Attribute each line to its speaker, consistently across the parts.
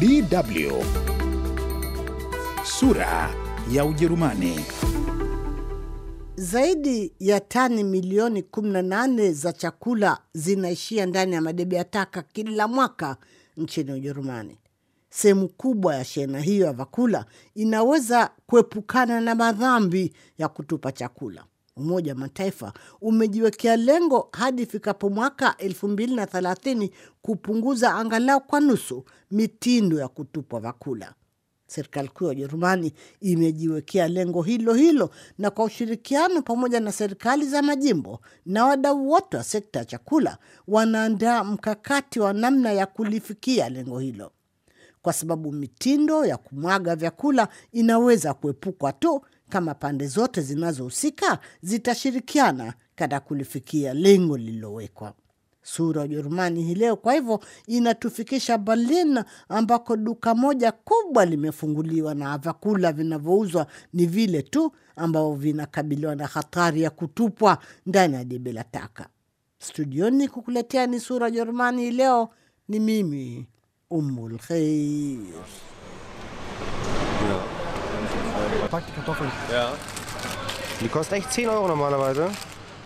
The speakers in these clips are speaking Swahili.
Speaker 1: DW sura ya Ujerumani.
Speaker 2: Zaidi ya tani milioni 18 za chakula zinaishia ndani ya madebe ya taka kila mwaka nchini Ujerumani. Sehemu kubwa ya shehena hiyo ya vyakula inaweza kuepukana na madhambi ya kutupa chakula. Umoja wa Mataifa umejiwekea lengo hadi ifikapo mwaka 2030 kupunguza angalau kwa nusu mitindo ya kutupwa vyakula. Serikali kuu ya Ujerumani imejiwekea lengo hilo hilo, na kwa ushirikiano pamoja na serikali za majimbo na wadau wote wa sekta ya chakula wanaandaa mkakati wa namna ya kulifikia lengo hilo, kwa sababu mitindo ya kumwaga vyakula inaweza kuepukwa tu kama pande zote zinazohusika zitashirikiana katika kulifikia lengo lililowekwa. Sura Ujerumani hii leo kwa hivyo inatufikisha Berlin, ambako duka moja kubwa limefunguliwa na vyakula vinavyouzwa ni vile tu ambavyo vinakabiliwa na hatari ya kutupwa ndani ya debe la taka. Studioni kukuletea ni Sura Ujerumani hii leo ni mimi umulheir Pack die Kartoffeln.
Speaker 1: Ja. Die kostet echt 10 Euro normalerweise.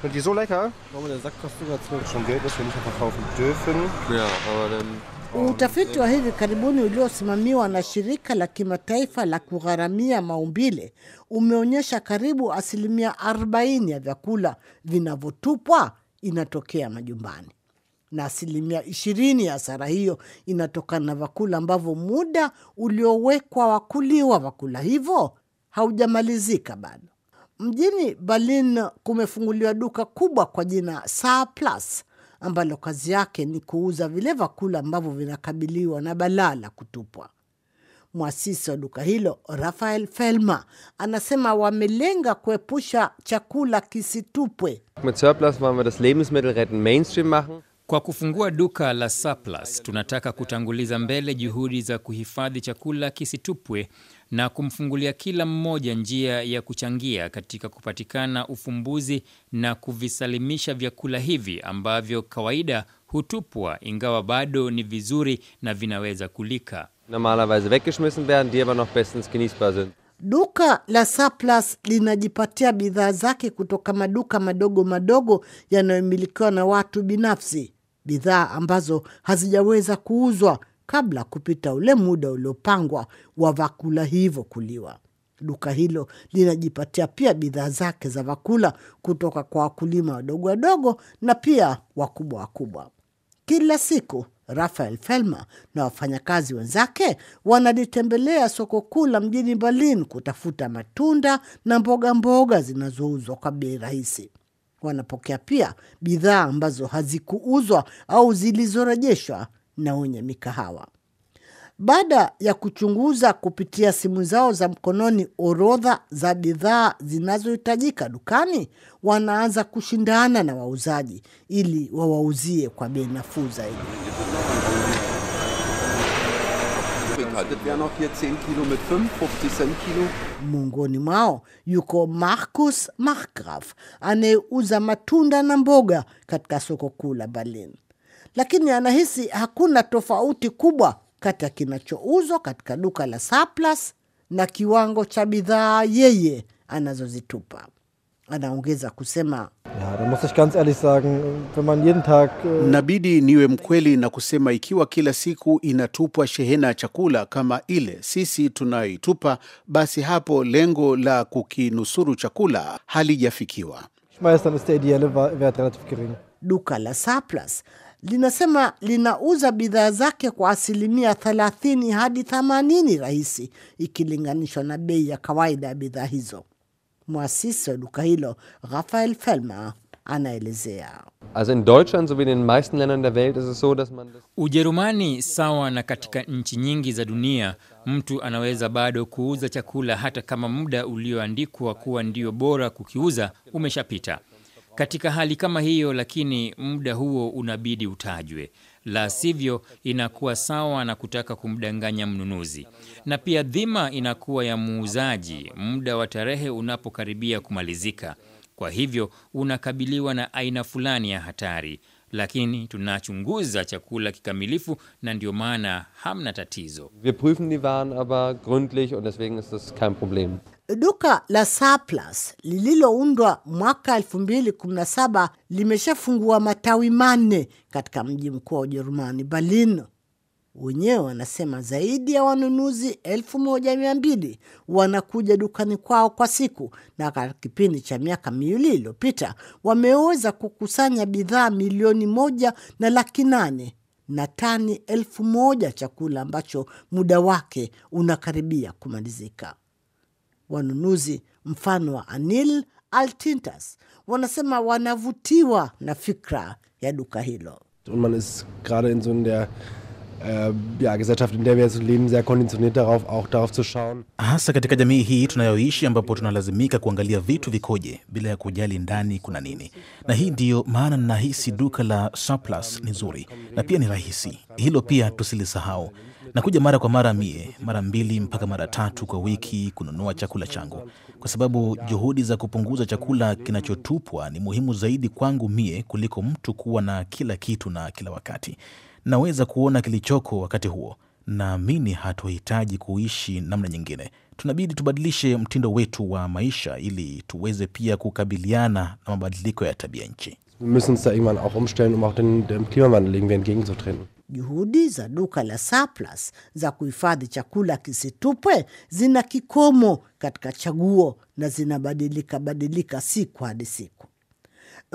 Speaker 1: Sind die so lecker. Warum der Sack kostet sogar 12 Schon Geld, das wir nicht verkaufen dürfen. Ja, aber
Speaker 2: dann... Oh, utafiti wa hivi karibuni uliosimamiwa na shirika la kimataifa la kugharamia maumbile umeonyesha karibu asilimia 40 ya vyakula vinavyotupwa inatokea majumbani na asilimia ishirini ya hasara hiyo inatokana na vyakula ambavyo muda uliowekwa wakuliwa kuliwa vyakula hivyo haujamalizika bado. Mjini Berlin kumefunguliwa duka kubwa kwa jina Saar ambalo kazi yake ni kuuza vile vyakula ambavyo vinakabiliwa na balaa la kutupwa. Mwasisi wa duka hilo Rafael Felma anasema wamelenga kuepusha chakula kisitupwe.
Speaker 1: Kwa kufungua duka la Surplus tunataka kutanguliza mbele juhudi za kuhifadhi chakula kisitupwe na kumfungulia kila mmoja njia ya kuchangia katika kupatikana ufumbuzi na kuvisalimisha vyakula hivi ambavyo kawaida hutupwa ingawa bado ni vizuri na vinaweza kulika. Normalerweise weggeschmissen werden, die aber noch bestens genießbar sind.
Speaker 2: Duka la Surplus linajipatia bidhaa zake kutoka maduka madogo madogo yanayomilikiwa na watu binafsi, bidhaa ambazo hazijaweza kuuzwa kabla kupita ule muda uliopangwa wa vakula hivyo kuliwa. Duka hilo linajipatia pia bidhaa zake za vakula kutoka kwa wakulima wadogo wadogo na pia wakubwa wakubwa. Kila siku Rafael Felma na wafanyakazi wenzake wanalitembelea soko kuu la mjini Berlin kutafuta matunda na mboga mboga zinazouzwa kwa bei rahisi. Wanapokea pia bidhaa ambazo hazikuuzwa au zilizorejeshwa na wenye mikahawa. Baada ya kuchunguza kupitia simu zao za mkononi orodha za bidhaa zinazohitajika dukani, wanaanza kushindana na wauzaji ili wawauzie kwa bei nafuu zaidi. Miongoni mwao yuko marcus Markgraf anayeuza matunda na mboga katika soko kuu la Berlin lakini anahisi hakuna tofauti kubwa kati ya kinachouzwa katika duka la surplus na kiwango cha bidhaa yeye anazozitupa anaongeza kusema äh, Nabidi niwe mkweli na kusema ikiwa
Speaker 1: kila siku inatupwa shehena ya chakula kama ile sisi tunayoitupa, basi hapo lengo la kukinusuru chakula halijafikiwa.
Speaker 2: Duka la surplus linasema linauza bidhaa zake kwa asilimia 30 hadi 80 rahisi ikilinganishwa na bei ya kawaida ya bidhaa hizo. Mwasisi wa duka hilo Rafael felma anaelezea.
Speaker 1: Also in Deutschland sowie in den meisten Ländern der Welt ist es so, dass man Ujerumani sawa na katika nchi nyingi za dunia, mtu anaweza bado kuuza chakula hata kama muda ulioandikwa kuwa ndio bora kukiuza umeshapita. Katika hali kama hiyo, lakini muda huo unabidi utajwe, la sivyo inakuwa sawa na kutaka kumdanganya mnunuzi, na pia dhima inakuwa ya muuzaji muda wa tarehe unapokaribia kumalizika. Kwa hivyo unakabiliwa na aina fulani ya hatari, lakini tunachunguza chakula kikamilifu, na ndio maana hamna tatizo. Wir prüfen die waren aber gründlich und deswegen ist das kein problem.
Speaker 2: Duka la Surplus lililoundwa mwaka 2017 limeshafungua matawi manne katika mji mkuu wa Ujerumani, Berlin. Wenyewe wanasema zaidi ya wanunuzi 1200 wanakuja dukani kwao kwa siku, na katika kipindi cha miaka miwili iliyopita wameweza kukusanya bidhaa milioni moja na laki nane na tani elfu moja chakula ambacho muda wake unakaribia kumalizika. Wanunuzi mfano wa Anil Altintas wanasema wanavutiwa na fikra ya duka hilo.
Speaker 1: man in äh, darauf, zu Hasa katika jamii hii tunayoishi ambapo tunalazimika kuangalia vitu vikoje bila ya kujali ndani kuna nini, na hii ndiyo maana ninahisi duka la surplus ni nzuri na pia ni rahisi. Hilo pia tusilisahau. Nakuja mara kwa mara mie, mara mbili mpaka mara tatu kwa wiki kununua chakula changu, kwa sababu juhudi za kupunguza chakula kinachotupwa ni muhimu zaidi kwangu mie kuliko mtu kuwa na kila kitu na kila wakati. Naweza kuona kilichoko wakati huo. Naamini hatuhitaji kuishi namna nyingine. Tunabidi tubadilishe mtindo wetu wa maisha ili tuweze pia kukabiliana na mabadiliko ya tabia nchi. Wir müssen uns da irgendwann auch umstellen, um auch den, dem Klimawandel irgendwie entgegenzutreten.
Speaker 2: Juhudi za duka la surplus za kuhifadhi chakula kisitupwe zina kikomo katika chaguo na zinabadilika badilika siku hadi siku.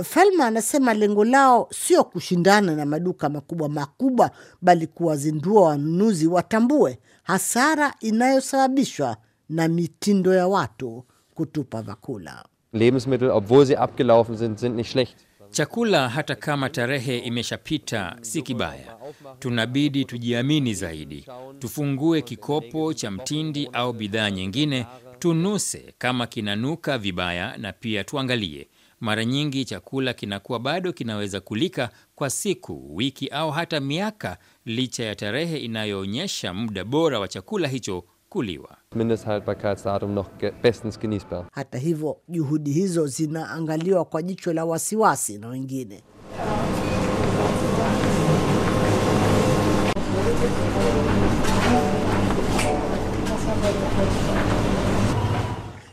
Speaker 2: Falma anasema lengo lao sio kushindana na maduka makubwa makubwa, bali kuwazindua wanunuzi watambue hasara inayosababishwa na mitindo ya watu kutupa vyakula.
Speaker 1: Lebensmittel, obwohl sie abgelaufen sind, sind nicht schlecht. Chakula hata kama tarehe imeshapita si kibaya, tunabidi tujiamini zaidi, tufungue kikopo cha mtindi au bidhaa nyingine, tunuse kama kinanuka vibaya, na pia tuangalie mara nyingi chakula kinakuwa bado kinaweza kulika kwa siku, wiki au hata miaka, licha ya tarehe inayoonyesha muda bora wa chakula hicho kuliwa. Mindesthaltbarkeitsdatum noch bestens genießbar.
Speaker 2: Hata hivyo, juhudi hizo zinaangaliwa kwa jicho la wasiwasi na wengine.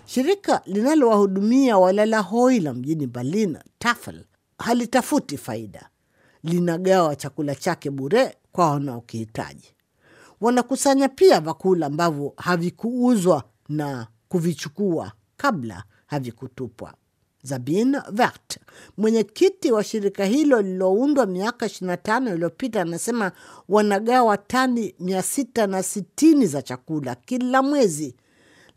Speaker 2: Shirika linalowahudumia walala hoi la mjini Berlin, Tafel, halitafuti faida. Linagawa chakula chake bure kwa wanaokihitaji wanakusanya pia vyakula ambavyo havikuuzwa na kuvichukua kabla havikutupwa. Zabin Vert, mwenyekiti wa shirika hilo lililoundwa miaka 25 iliyopita, anasema wanagawa tani 660 za chakula kila mwezi,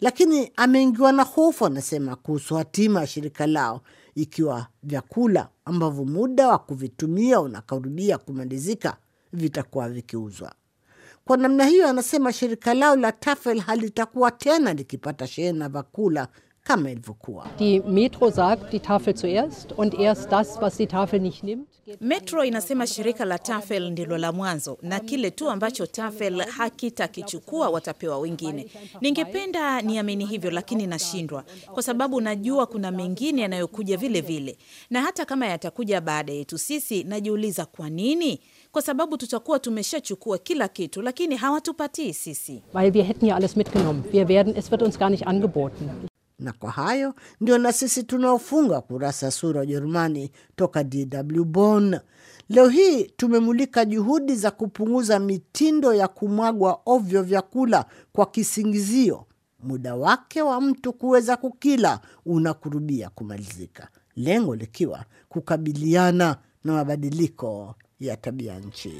Speaker 2: lakini ameingiwa na hofu, anasema kuhusu hatima ya shirika lao ikiwa vyakula ambavyo muda wa kuvitumia unakarudia kumalizika vitakuwa vikiuzwa. Kwa namna hiyo, anasema shirika lao la Tafel halitakuwa tena likipata shehena vakula kama ilivyokuwa. Die Metro sagt die Tafel zuerst und erst das was die Tafel nicht nimmt. Metro inasema shirika la Tafel ndilo la mwanzo na kile tu ambacho Tafel hakitakichukua watapewa wengine. Ningependa niamini hivyo, lakini nashindwa kwa sababu najua kuna mengine yanayokuja vile vile, na hata kama yatakuja baada yetu sisi, najiuliza kwa nini kwa sababu tutakuwa tumeshachukua kila kitu, lakini hawatupatii sisi. Weil wir hätten ja alles mitgenommen. Wir werden, es wird uns gar nicht angeboten. Na kwa hayo ndio na sisi tunaofunga kurasa sura Ujerumani toka DW bon Leo hii tumemulika juhudi za kupunguza mitindo ya kumwagwa ovyo vyakula kwa kisingizio muda wake wa mtu kuweza kukila unakurubia kumalizika, lengo likiwa kukabiliana na mabadiliko ya tabia nchi.